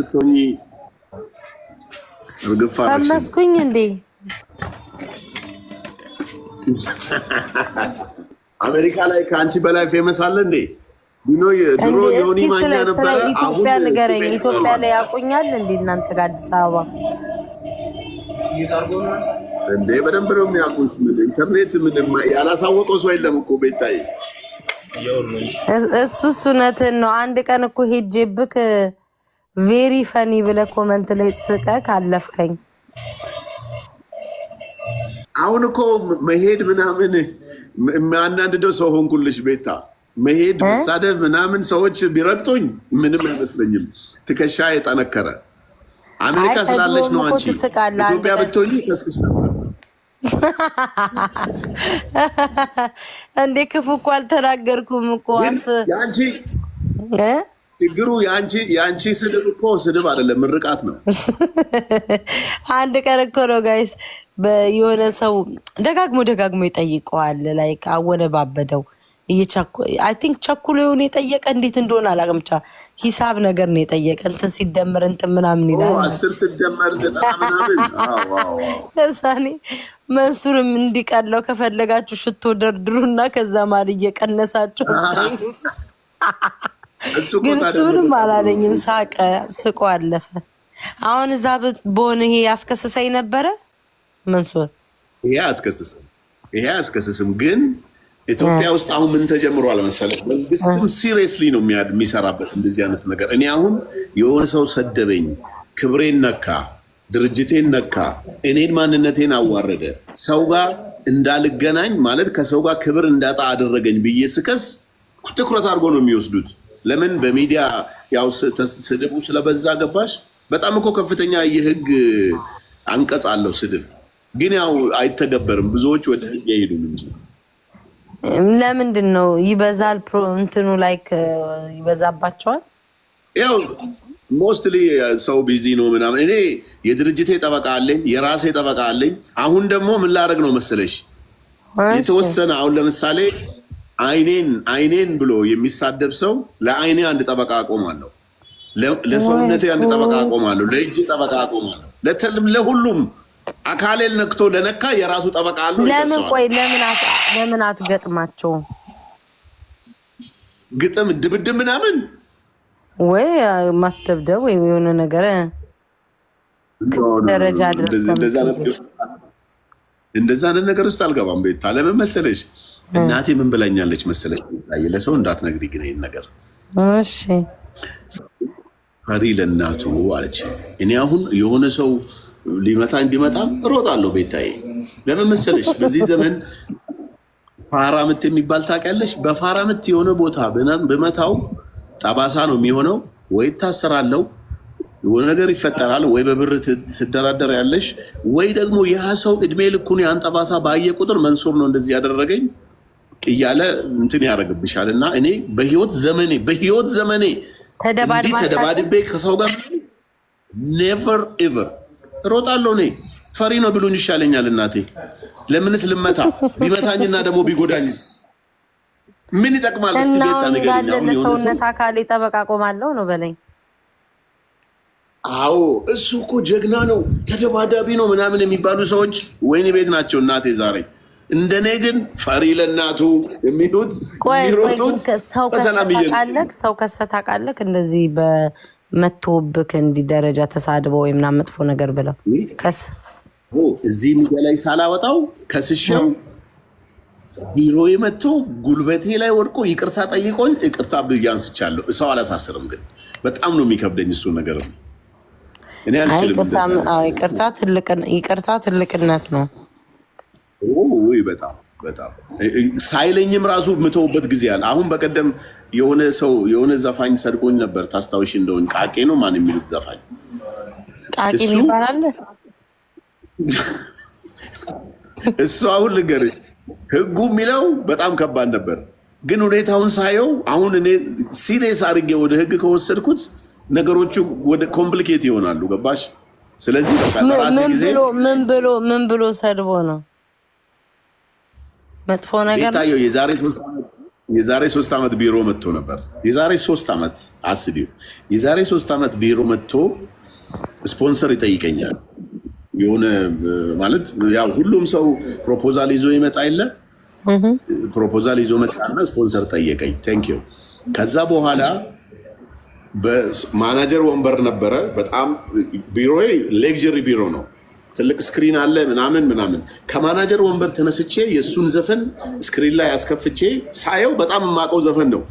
ስትሆኚ እርግፍ አመስኩኝ እንዴ? አሜሪካ ላይ ከአንቺ በላይ ፌመስ አለ እንዴ? ድሮ የሆኒ ማኛ ነበረ። ኢትዮጵያ ንገረኝ፣ ኢትዮጵያ ላይ ያውቁኛል እንዴ እናንተ ጋር አዲስ አበባ እንዴ? በደንብ ነው የሚያውቁሽ። ምን ኢንተርኔት ምንም ያላሳወቀው ሰው የለም እኮ ቤታይ። እሱ እውነትን ነው። አንድ ቀን እኮ ሄጄ ብክ ቬሪ ፈኒ ብለ ኮመንት ላይ ስቀህ ካለፍከኝ አሁን እኮ መሄድ ምናምን የሚያናድደው ሰው ሆንኩልሽ ቤታ። መሄድ መሳደብ ምናምን ሰዎች ቢረግጡኝ ምንም አይመስለኝም። ትከሻ የጠነከረ አሜሪካ ስላለች ነው። አንቺ ኢትዮጵያ ብትሆኚ እንዴ? ክፉ እኮ አልተናገርኩም እኮ ችግሩ የአንቺ ስድብ እኮ ስድብ አይደለም፣ ምርቃት ነው። አንድ ቀን እኮ ነው ጋይስ፣ የሆነ ሰው ደጋግሞ ደጋግሞ ይጠይቀዋል። ላይክ አወነባበደው አይ ቲንክ ቸኩሎ የሆነ የጠየቀ እንዴት እንደሆነ አላውቅም። ብቻ ሂሳብ ነገር ነው የጠየቀ እንትን ሲደመር እንትን ምናምን ይላል። ከዛኔ መንሱርም እንዲቀለው ከፈለጋችሁ ሽቶ ደርድሩና ከዛ ማል እየቀነሳችሁ ግን እሱንም አላለኝም። ሳቀ ስቆ አለፈ። አሁን እዛ በሆነ ይሄ ያስከስሰኝ ነበረ መንሱር። ይሄ አስከስስም ይሄ አስከስስም ግን ኢትዮጵያ ውስጥ አሁን ምን ተጀምሯል መሰለህ? መንግስትም ሲሪየስሊ ነው የሚሰራበት እንደዚህ አይነት ነገር። እኔ አሁን የሆነ ሰው ሰደበኝ፣ ክብሬን ነካ፣ ድርጅቴን ነካ፣ እኔን ማንነቴን አዋረደ፣ ሰው ጋር እንዳልገናኝ ማለት ከሰው ጋር ክብር እንዳጣ አደረገኝ ብዬ ስከስ ትኩረት አድርጎ ነው የሚወስዱት። ለምን በሚዲያ ያው ስድቡ ስለበዛ ገባሽ። በጣም እኮ ከፍተኛ የህግ አንቀጽ አለው ስድብ፣ ግን ያው አይተገበርም። ብዙዎች ወደ ህግ አይሄዱም እንጂ ለምንድን ነው ይበዛል? እንትኑ ላይክ ይበዛባቸዋል። ያው ሞስትሊ ሰው ቢዚ ነው ምናምን። እኔ የድርጅቴ ጠበቃ አለኝ፣ የራሴ ጠበቃ አለኝ። አሁን ደግሞ ምን ላደርግ ነው መሰለሽ የተወሰነ አሁን ለምሳሌ አይኔን አይኔን ብሎ የሚሳደብ ሰው ለአይኔ አንድ ጠበቃ አቆማለሁ፣ ለሰውነቴ oh አንድ ጠበቃ አቆማለሁ፣ ለእጅ ጠበቃ አቆማለሁ፣ ለሁሉም አካሌል ነክቶ ለነካ የራሱ ጠበቃ አለው። ለምን ቆይ ለምን አትገጥማቸው? ግጥም ድብድብ ምናምን ወይ ማስደብደብ ወይ የሆነ ነገር ደረጃ ድረስ እንደዛ አይነት ነገር ውስጥ አልገባም። ቤታ ለምን መሰለሽ እናቴ ምን ብላኛለች መሰለች? ለሰው እንዳትነግሪ ግን ይህን ነገር እሺ ፈሪ ለእናቱ አለች። እኔ አሁን የሆነ ሰው ሊመታኝ ቢመጣም እሮጣለሁ። ቤታዬ ለምን መሰለች በዚህ ዘመን ፋራ ምት የሚባል ታውቂያለሽ? በፋራ ምት የሆነ ቦታ ብመታው ጠባሳ ነው የሚሆነው። ወይ ታሰራለው፣ የሆነ ነገር ይፈጠራል። ወይ በብር ትደራደር ያለሽ፣ ወይ ደግሞ ያ ሰው እድሜ ልኩን ያን ጠባሳ ባየ ቁጥር መንሱር ነው እንደዚህ ያደረገኝ እያለ እንትን ያደርግብሻል እና እኔ በህይወት ዘመኔ በህይወት ዘመኔ እንዲህ ተደባድቤ ከሰው ጋር ኔቨር ኤቨር እሮጣለሁ። እኔ ፈሪ ነው ብሉኝ ይሻለኛል። እናቴ ለምንስ ልመታ? ቢመታኝና ደግሞ ቢጎዳኝስ ምን ይጠቅማል? ስቤታ ነገርኛለ ሰውነት አካል ጠበቃ ቆማለሁ ነው በለኝ። አዎ እሱ እኮ ጀግና ነው፣ ተደባዳቢ ነው ምናምን የሚባሉ ሰዎች ወይኔ ቤት ናቸው እናቴ ዛሬ እንደኔ ግን ፈሪ ለእናቱ የሚሉት የሚሮጡት ሰው ከሰህ ታውቃለህ። እንደዚህ በመቶብክ እንዲህ ደረጃ ተሳድበው ወይ ምናምን መጥፎ ነገር ብለው ከስ እዚህ ሚዲያ ላይ ሳላወጣው ከስሸው ቢሮ የመጥቶ ጉልበቴ ላይ ወድቆ ይቅርታ ጠይቆኝ ይቅርታ ብዬ አንስቻለሁ። ሰው አላሳስርም፣ ግን በጣም ነው የሚከብደኝ እሱ ነገር ነው። እኔ ይቅርታ ትልቅነት ነው። ነው። በጣም በጣም ሳይለኝም ራሱ ምተውበት ጊዜ አለ። አሁን በቀደም የሆነ ሰው የሆነ ዘፋኝ ሰድቦኝ ነበር። ታስታውሽ እንደሆን ቃቄ ነው ማን የሚሉት ዘፋኝ ቃቄ ይባላል። እሱ አሁን ልንገርሽ ህጉ የሚለው በጣም ከባድ ነበር፣ ግን ሁኔታውን ሳየው አሁን እኔ ሲሬስ አድርጌ ወደ ህግ ከወሰድኩት ነገሮቹ ወደ ኮምፕሊኬት ይሆናሉ። ገባሽ? ስለዚህ ምን ብሎ ምን ብሎ ሰድቦ ነው መጥፎ ነገር ታየው። የዛሬ ሶስት ዓመት ቢሮ መጥቶ ነበር። የዛሬ ሶስት ዓመት አስቢው። የዛሬ ሶስት ዓመት ቢሮ መጥቶ ስፖንሰር ይጠይቀኛል። የሆነ ማለት ያው ሁሉም ሰው ፕሮፖዛል ይዞ ይመጣ የለ ፕሮፖዛል ይዞ መጣና ስፖንሰር ጠየቀኝ። ዩ። ከዛ በኋላ በማናጀር ወንበር ነበረ። በጣም ቢሮዬ ሌግጀሪ ቢሮ ነው። ትልቅ ስክሪን አለ ምናምን ምናምን። ከማናጀር ወንበር ተነስቼ የእሱን ዘፈን ስክሪን ላይ አስከፍቼ ሳየው በጣም የማውቀው ዘፈን ነው።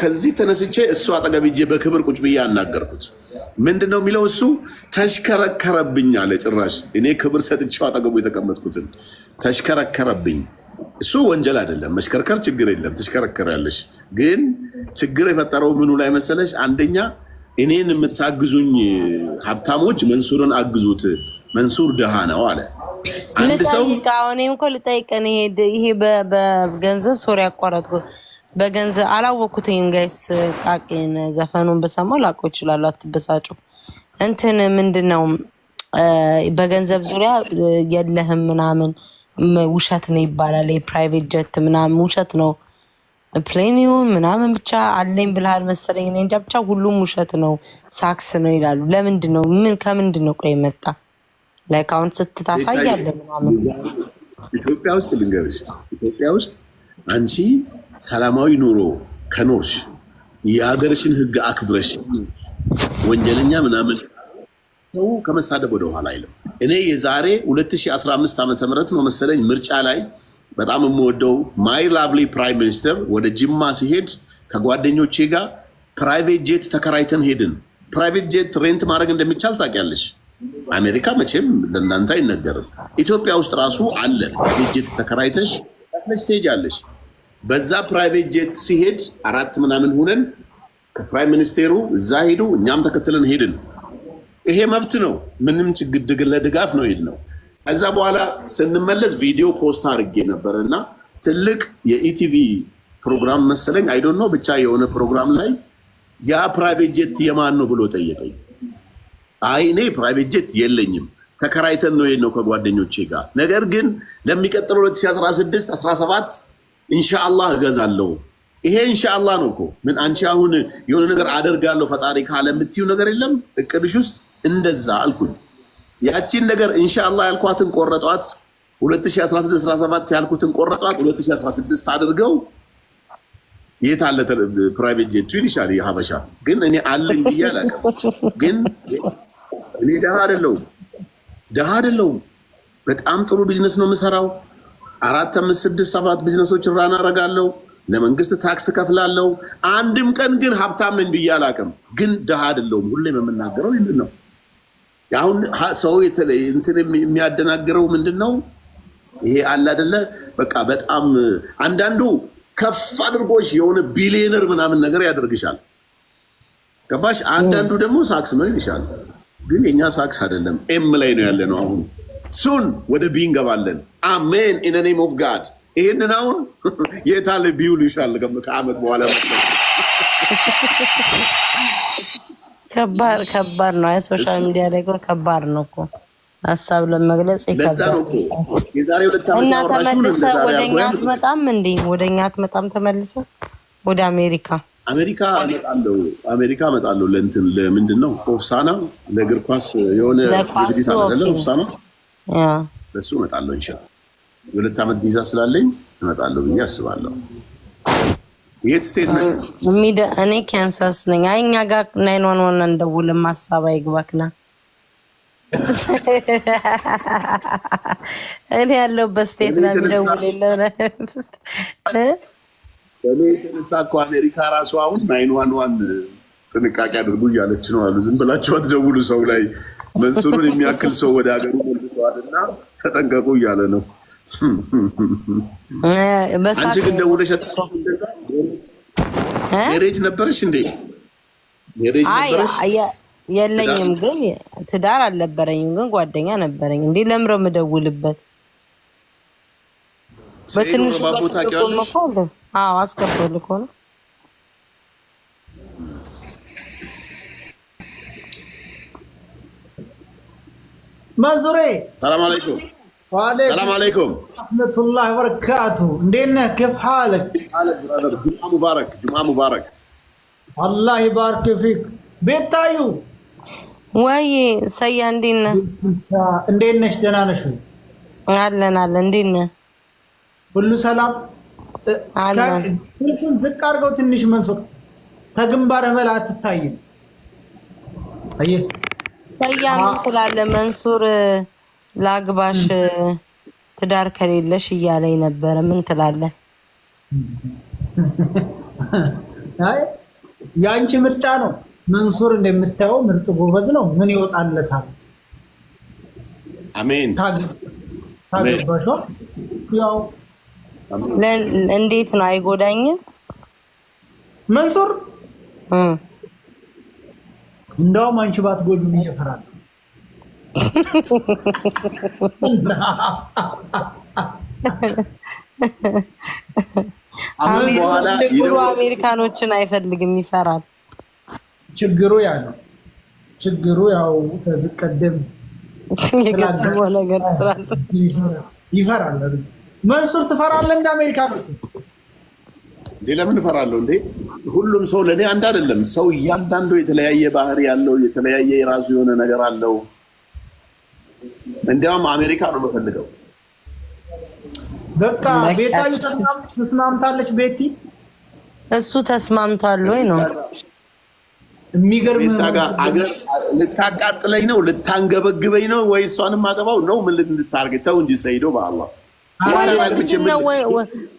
ከዚህ ተነስቼ እሱ አጠገብ በክብር ቁጭ ብዬ አናገርኩት። ምንድን ነው የሚለው እሱ ተሽከረከረብኝ አለ። ጭራሽ እኔ ክብር ሰጥቼው አጠገቡ የተቀመጥኩትን ተሽከረከረብኝ። እሱ ወንጀል አይደለም፣ መሽከርከር ችግር የለም፣ ትሽከረከሪያለሽ። ግን ችግር የፈጠረው ምኑ ላይ መሰለሽ? አንደኛ እኔን የምታግዙኝ ሀብታሞች መንሱርን አግዙት መንሱር ድሃ ነው አለ። አንድ ሰው እኔም እኮ ልጠይቀን ይሄ በገንዘብ ሶሪ ያቋረጥኩ በገንዘብ አላወኩትኝም። ጋይስ ቃቄን ዘፈኑን በሰማ ላውቀው ይችላሉ። አትበሳጩ። እንትን ምንድን ነው በገንዘብ ዙሪያ የለህም ምናምን ውሸት ነው ይባላል። የፕራይቬት ጀት ምናምን ውሸት ነው ፕሌኒውም ምናምን ብቻ አለኝ ብልሃል መሰለኝ። እኔ እንጃ ብቻ ሁሉም ውሸት ነው፣ ሳክስ ነው ይላሉ። ለምንድን ነው ምን ከምንድን ነው ቆይ መጣ ለአካውንት ስትታሳያለ ምናምን ኢትዮጵያ ውስጥ ልንገርሽ፣ ኢትዮጵያ ውስጥ አንቺ ሰላማዊ ኑሮ ከኖርሽ የሀገርሽን ህግ አክብረሽ ወንጀለኛ ምናምን ሰው ከመሳደብ ወደ አይልም። እኔ የዛሬ 2015 ዓ ምት ነው መሰለኝ ምርጫ ላይ በጣም የምወደው ማይ ላቭሊ ፕራይም ሚኒስተር ወደ ጅማ ሲሄድ ከጓደኞቼ ጋር ፕራይቬት ጄት ተከራይተን ሄድን። ፕራይቬት ጄት ሬንት ማድረግ እንደሚቻል ታውቂያለሽ። አሜሪካ መቼም ለእናንተ አይነገርም። ኢትዮጵያ ውስጥ ራሱ አለ። ፕራይቬት ጄት ተከራይተሽ ትሄጃለሽ። በዛ ፕራይቬት ጄት ሲሄድ አራት ምናምን ሁነን ከፕራይም ሚኒስቴሩ እዛ ሄዱ፣ እኛም ተከትለን ሄድን። ይሄ መብት ነው። ምንም ችግድግ ለድጋፍ ነው ሄድ ነው። ከዛ በኋላ ስንመለስ ቪዲዮ ፖስት አድርጌ ነበር እና ትልቅ የኢቲቪ ፕሮግራም መሰለኝ አይዶን ነው ብቻ የሆነ ፕሮግራም ላይ ያ ፕራይቬት ጄት የማን ነው ብሎ ጠየቀኝ። አይ እኔ ፕራይቬት ጀት የለኝም ተከራይተን ነው ነው ከጓደኞቼ ጋር ነገር ግን ለሚቀጥለው 2016 17 ኢንሻአላህ እገዛለሁ። ይሄ ኢንሻአላህ ነው እኮ ምን አንቺ አሁን የሆነ ነገር አደርጋለሁ ፈጣሪ ካለ የምትይው ነገር የለም እቅድሽ ውስጥ እንደዛ አልኩኝ። ያቺን ነገር ኢንሻአላህ ያልኳትን ቆረጧት። 2016 17 ያልኩትን ቆረጧት። 2016 አድርገው የት አለ ፕራይቬት ጀቱ ይልሻል የሀበሻ ግን እኔ አለኝ ብዬ አላውቅም ግን እኔ ድሃ አይደለሁም፣ ድሃ አይደለሁም። በጣም ጥሩ ቢዝነስ ነው የምሰራው። አራት፣ አምስት፣ ስድስት፣ ሰባት ቢዝነሶች ራን አደርጋለሁ። ለመንግስት ታክስ ከፍላለሁ። አንድም ቀን ግን ሀብታም ነኝ ብዬ አላውቅም። ግን ድሃ አይደለሁም። ሁሌም የምናገረው ይህን ነው። አሁን ሰው እንትን የሚያደናግረው ምንድን ነው? ይሄ አለ አይደለ? በቃ በጣም አንዳንዱ ከፍ አድርጎች የሆነ ቢሊዮነር ምናምን ነገር ያደርግሻል። ገባሽ? አንዳንዱ ደግሞ ሳክስ ነው ይልሻል። ግን የኛ ሳክስ አይደለም፣ ኤም ላይ ነው ያለ ነው። አሁን ሱን ወደ ቢ እንገባለን። አሜን ኢን ኔም ኦፍ ጋድ። ይህንን አሁን የታለ ቢውል ይሻል ከአመት በኋላ ከባድ ከባድ ነው። ሶሻል ሚዲያ ላይ ከባድ ነው እኮ ሀሳብ ለመግለጽ ይከብዳል። እና ተመልሰህ ወደ እኛ አትመጣም እንዴ? ወደ እኛ አትመጣም ተመልሰ ወደ አሜሪካ አሜሪካ እመጣለሁ አሜሪካ እመጣለሁ ለእንትን ለምንድን ነው ሆፍሳና ለእግር ኳስ የሆነ ዝግጅት አለ ሆፍሳና ለእሱ እመጣለሁ ኢንሻላህ የሁለት ዓመት ቪዛ ስላለኝ እመጣለሁ ብዬ አስባለሁ የት ስቴት እኔ ካንሳስ ነኝ አይ እኛ ጋር ናይን ዋን ዋን እንደውልም ሀሳብ አይግባክና እኔ ያለው በስቴት ነው የሚደውል የለ በእኔ የተነሳ እኮ አሜሪካ ራሱ አሁን ናይን ዋን ዋን ጥንቃቄ አድርጉ እያለች ነው አሉ። ዝም ብላችሁ አትደውሉ ሰው ላይ መንሱሩን የሚያክል ሰው ወደ ሀገሩ መልሰዋል እና ተጠንቀቁ እያለ ነው። አንቺ ግን ደውለሽ ሜሬጅ ነበረሽ እንዴ? የለኝም፣ ግን ትዳር አልነበረኝም፣ ግን ጓደኛ ነበረኝ። እንዴ ለምረው የምደውልበት በትንሹ አስገባል እኮ ነው። መንሱሬ ሰላም አለይኩም አለይኩም ረህመቱላሂ ወበረካቱ። እንዴት ነህ? ከፍ ሐለክ? ጁምዓ ሙባረክ፣ ጁምዓ ሙባረክ። አላህ ይባርክ ፊክ። ቤታዩ ወይ ሰያ እንዴት ነህ? እንዴት ነሽ? ደህና ነሽ? አለን አለን። እንዴት ነህ? ሁሉ ሰላም ስልኩን ዝቅ አድርገው ትንሽ መንሱር ተግንባር በላ አትታይም። አየህ ሰያምን ትላለህ መንሱር ለአግባሽ ትዳር ከሌለሽ እያለኝ ነበረ። ምን ትላለህ? የአንቺ ምርጫ ነው። መንሱር እንደምታየው ምርጥ ጎበዝ ነው። ምን ይወጣለታል? አሜን ያው እንዴት ነው አይጎዳኝም? መንሱር እንደውም አንቺ ባትጎዱ ብዬ ችግሩ አሜሪካኖችን አይፈልግም፣ ይፈራል። ችግሩ ያ ነው። ችግሩ ያው ተዝቀደም ይፈራል። መንሱር ትፈራለህ? እንደ አሜሪካ ነው እንዴ? ለምን እፈራለሁ እንዴ? ሁሉም ሰው ለእኔ አንድ አይደለም። ሰው እያንዳንዱ የተለያየ ባህሪ ያለው የተለያየ የራሱ የሆነ ነገር አለው። እንዲያውም አሜሪካ ነው የምፈልገው። በቃ ቤታዩ ተስማምታለች። ቤቲ እሱ ተስማምቷል ወይ ነው የሚገርም ልታቃጥለኝ ነው ልታንገበግበኝ ነው ወይ እሷንም አገባው ነው ምን ልታርገኝ? ተው እንጂ ሰይዶ በአላህ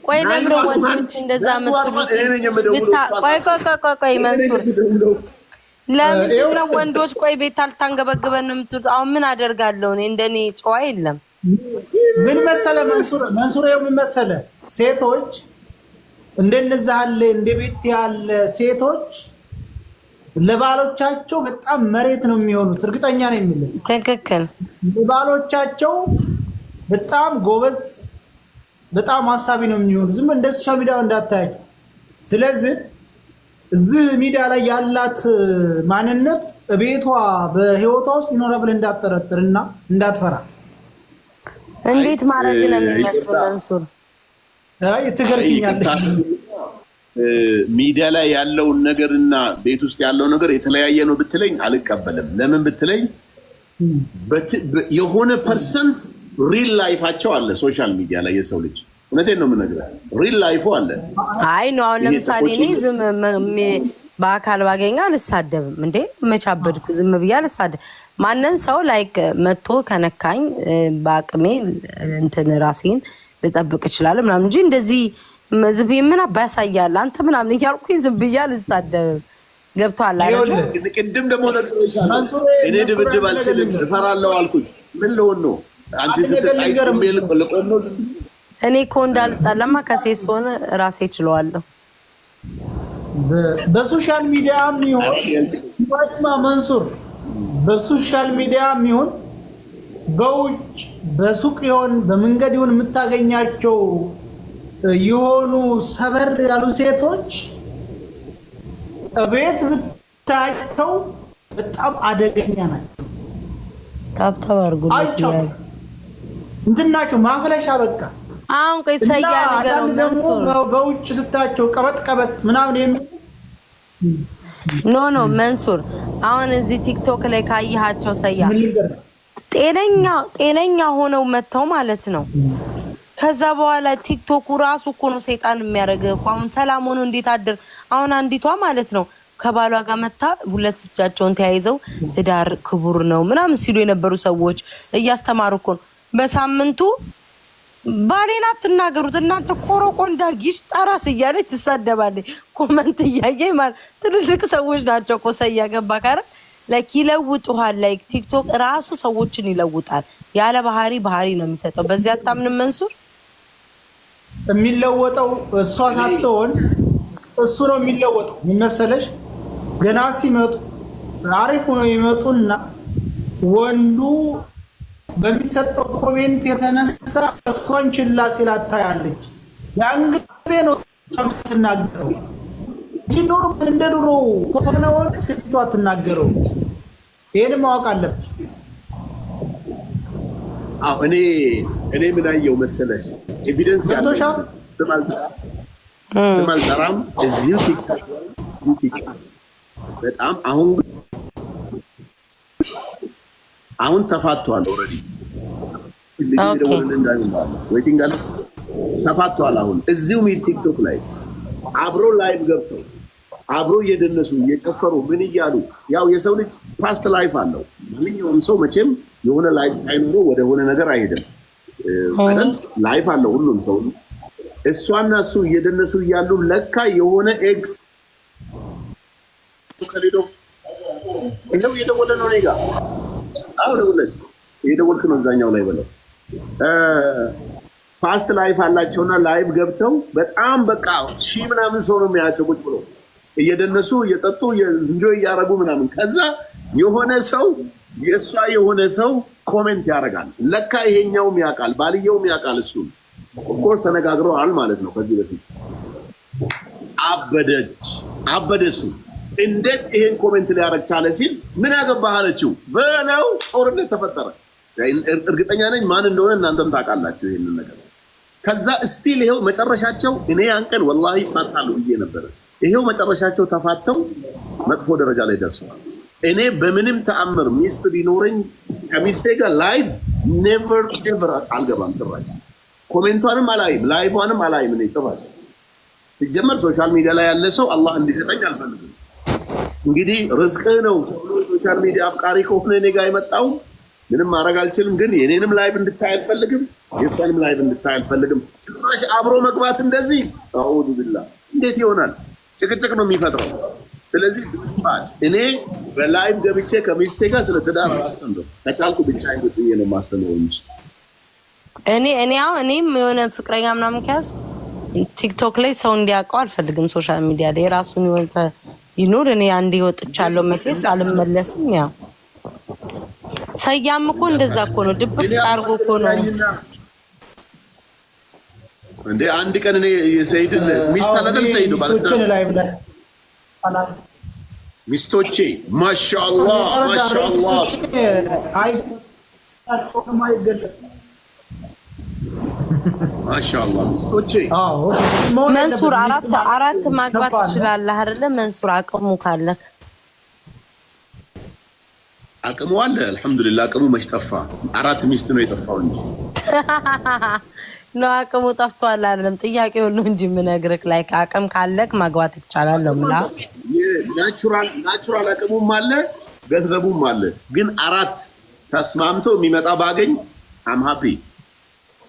ቆይ ወንዶች እንደዛ ቆይ መንሱር ለምንድን ነው ወንዶች ቆይ ቤት አልታንገበግበን የምትሉት? አሁን ምን አደርጋለሁ እኔ እንደኔ ጨዋ የለም። ምን መሰለ መንሱር መንሱር ምን መሰለ ሴቶች እንደነዛ ያለ እንደ ቤት ያለ ሴቶች ለባሎቻቸው በጣም መሬት ነው የሚሆኑት። እርግጠኛ ነው የሚለኝ ትክክል ለባሎቻቸው በጣም ጎበዝ በጣም ሀሳቢ ነው የሚሆኑ። ዝም እንደ ሶሻል ሚዲያ እንዳታያቸው። ስለዚህ እዚህ ሚዲያ ላይ ያላት ማንነት ቤቷ በህይወቷ ውስጥ ይኖራል ብለህ እንዳትጠረጥር እና እንዳትፈራ። እንዴት ማድረግ ነው የሚመስል መንሱር ትገርፍኛለሽ። ሚዲያ ላይ ያለውን ነገር እና ቤት ውስጥ ያለው ነገር የተለያየ ነው ብትለኝ አልቀበልም። ለምን ብትለኝ የሆነ ፐርሰንት ሪል ላይፋቸው አለ ሶሻል ሚዲያ ላይ የሰው ልጅ እውነቴን ነው የምነግርህ፣ ሪል ላይፉ አለ። አይ ነው አሁን ለምሳሌ እኔ ዝም በአካል ባገኘ አልሳደብም እንዴ መቻበድኩ ዝም ብዬ አልሳደብ። ማንም ሰው ላይክ መጥቶ ከነካኝ በአቅሜ እንትን ራሴን ልጠብቅ እችላለሁ ምናምን እንጂ እንደዚህ ዝብ ብዬ ምን አባ ያሳያል አንተ ምናምን እያልኩኝ ዝም ብዬ አልሳደብም። ገብቶሃል ቅድም ደግሞ እኔ ድብድብ አልችልም እፈራለሁ አልኩኝ። ምን ልሆን ነው አንቺ ስትጣይ እኔ እኮ እንዳልጣለማ ከሴት ሆነ ራሴ ችለዋለሁ። በሶሻል ሚዲያ የሚሆን መንሱር በሶሻል ሚዲያ የሚሆን በውጭ በሱቅ ይሆን በመንገድ ይሆን የምታገኛቸው የሆኑ ሰበር ያሉ ሴቶች እቤት ብታያቸው በጣም አደገኛ ናቸው። ታብታብ አድርጉ እንትናቸው ማፍለሻ በቃ አሁን ቆይ ሰያ ነገር ደግሞ በውጭ ስታቸው ቀበጥ ቀበጥ ምናምን የሚ ኖ ኖ መንሱር፣ አሁን እዚህ ቲክቶክ ላይ ካየሃቸው ሰያ ጤነኛ ጤነኛ ሆነው መጥተው ማለት ነው። ከዛ በኋላ ቲክቶኩ ራሱ እኮ ነው ሰይጣን የሚያደርግ እኮ። አሁን ሰላም ሆኖ እንዴት አድር። አሁን አንዲቷ ማለት ነው ከባሏ ጋር መታ ሁለት እጃቸውን ተያይዘው ትዳር ክቡር ነው ምናምን ሲሉ የነበሩ ሰዎች እያስተማሩ እኮ ነው በሳምንቱ ባሌን አትናገሩት እናንተ ቆሮቆንዳ ጊሽ ጠራስ እያለች ትሳደባለች። ኮመንት እያየ ማለት ትልልቅ ሰዎች ናቸው። ቆሰ እያገባ ካረ ላይክ ይለውጡሃል። ላይክ ቲክቶክ ራሱ ሰዎችን ይለውጣል። ያለ ባህሪ ባህሪ ነው የሚሰጠው። በዚህ አታምንም መንሱር? የሚለወጠው እሷ ሳትሆን እሱ ነው የሚለወጠው። የሚመሰለሽ ገና ሲመጡ አሪፍ ሆነው ይመጡና ወንዱ በሚሰጠው ኮሜንት የተነሳ እስኳን ችላ ሲላት ታያለች። ያን ጊዜ ነው የምትናገረው እንጂ ኖር እንደ ድሮ ከሆነ ወቅ ስልቷ አትናገረው። ይህን ማወቅ አለብሽ። አዎ እኔ እኔ ምን አየው መሰለሽ ኤቪደንስ ያለው ስም አልጠራም እዚሁ ቲክታክ በጣም አሁን አሁን ተፋቷል። ኦልሬዲ ተፋቷል። አሁን እዚሁ ሚል ቲክቶክ ላይ አብሮ ላይቭ ገብተው አብሮ እየደነሱ እየጨፈሩ ምን እያሉ ያው የሰው ልጅ ፓስት ላይፍ አለው። ማንኛውም ሰው መቼም የሆነ ላይፍ ሳይኖሮ ወደ ሆነ ነገር አይሄድም። ላይፍ አለው ሁሉም ሰው። እሷና እሱ እየደነሱ እያሉ ለካ የሆነ ኤክስ ከሌሎ ይኸው እየደወለ ነው እኔ ጋ አሁን ሁለት የደወልክ ነው እዛኛው ላይ በለው ፋስት ላይፍ አላቸውና ላይቭ ገብተው በጣም በቃ ሺህ ምናምን ሰው ነው የሚያቸው ቁጭ ብሎ እየደነሱ እየጠጡ እንጆ እያደረጉ ምናምን። ከዛ የሆነ ሰው የእሷ የሆነ ሰው ኮሜንት ያደርጋል። ለካ ይሄኛውም ያውቃል፣ ባልየውም ያውቃል። እሱ ኦፍኮርስ ተነጋግረዋል ማለት ነው። ከዚህ በፊት አበደች አበደሱ እንዴት ይሄን ኮሜንት ሊያደርግ ቻለ ሲል ምን ያገባህ አለችው በለው። ጦርነት ተፈጠረ። እርግጠኛ ነኝ ማን እንደሆነ እናንተም ታውቃላችሁ ይህንን ነገር። ከዛ እስቲል ይሄው መጨረሻቸው እኔ ያን ቀን ወላሂ ይፋታሉ ብዬ ነበረ። ይሄው መጨረሻቸው ተፋተው መጥፎ ደረጃ ላይ ደርሰዋል። እኔ በምንም ተአምር ሚስት ቢኖረኝ ከሚስቴ ጋር ላይቭ ኔቨር ኤቨር አልገባም። ጭራሽ ኮሜንቷንም አላይም፣ ላይቧንም አላይም። እኔ ጭራሽ ሲጀመር ሶሻል ሚዲያ ላይ ያለ ሰው አላህ እንዲሰጠኝ አልፈልግም። እንግዲህ ርዝቅህ ነው ሶሻል ሚዲያ አፍቃሪ ከሆነ እኔ ጋር የመጣው ምንም ማድረግ አልችልም። ግን የኔንም ላይቭ እንድታይ አልፈልግም፣ የእሷንም ላይቭ እንድታይ አልፈልግም። ጭራሽ አብሮ መግባት እንደዚህ አዑዙ ቢላ እንዴት ይሆናል? ጭቅጭቅ ነው የሚፈጥረው። ስለዚህ እኔ በላይቭ ገብቼ ከሚስቴ ጋር ስለ ትዳር አላስተምርም። ከቻልኩ ብቻ አይነት ነው ማስተምረው እንጂ እኔ እኔ አሁን እኔም የሆነ ፍቅረኛ ምናምን ከያዝ ቲክቶክ ላይ ሰው እንዲያውቀው አልፈልግም። ሶሻል ሚዲያ ላይ የራሱን የሆነ ይኑር። እኔ አንድ ወጥቻለሁ፣ መቼስ አልመለስም። ያው ሰያም እኮ እንደዛ እኮ ነው፣ ድብቅ አድርጎ እኮ ነው እንዴ። አንድ ቀን እኔ የሰይድን ሚስት አላለም ሰይዱ ሚስቶቼ ማሻአላ ማሻአላ ማሻአላህ ማይገለጥ ማሻአላህ መንሱር አራት አራት ማግባት ትችላለህ አይደለ? መንሱር አቅሙ ካለህ አቅሙ አለ። አልሐምዱሊላህ አቅሙ መች ጠፋ? አራት ሚስት ነው የጠፋው እንጂ ነው አቅሙ ጠፍቷል አይደለም። ጥያቄ ነው እንጂ የምነግርህ ላይ አቅም ካለህ ማግባት ይቻላል ነው ናቹራል አቅሙም አለ ገንዘቡም አለ። ግን አራት ተስማምቶ የሚመጣ ባገኝ አም ሀፒ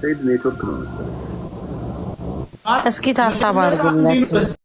السيد ميتورك ነው መሰለኝ። እስኪ ታብታብ አድርጉለት